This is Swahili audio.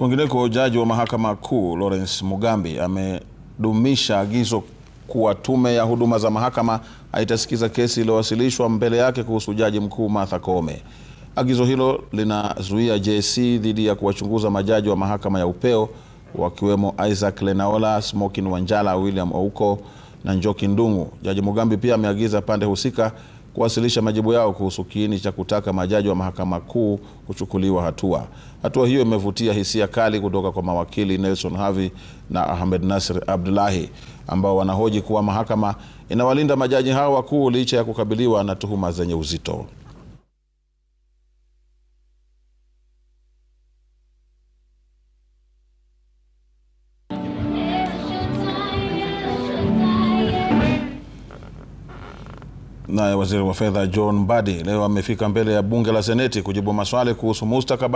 Kwingineko, jaji wa mahakama kuu Lawrence Mugambi amedumisha agizo kuwa tume ya huduma za mahakama haitasikiza kesi iliyowasilishwa mbele yake kuhusu jaji mkuu Martha Koome. Agizo hilo linazuia JSC dhidi ya kuwachunguza majaji wa mahakama ya upeo wakiwemo Isaac Lenaola, Smokin Wanjala, William Ouko na Njoki Ndung'u. Jaji Mugambi pia ameagiza pande husika kuwasilisha majibu yao kuhusu kiini cha kutaka majaji wa Mahakama Kuu kuchukuliwa hatua. Hatua hiyo imevutia hisia kali kutoka kwa mawakili Nelson Havi na Ahmed Nasir Abdullahi ambao wanahoji kuwa mahakama inawalinda majaji hao wakuu licha ya kukabiliwa na tuhuma zenye uzito. Naye waziri wa fedha John Mbadi leo amefika mbele ya bunge la Seneti kujibu maswali kuhusu mustakabali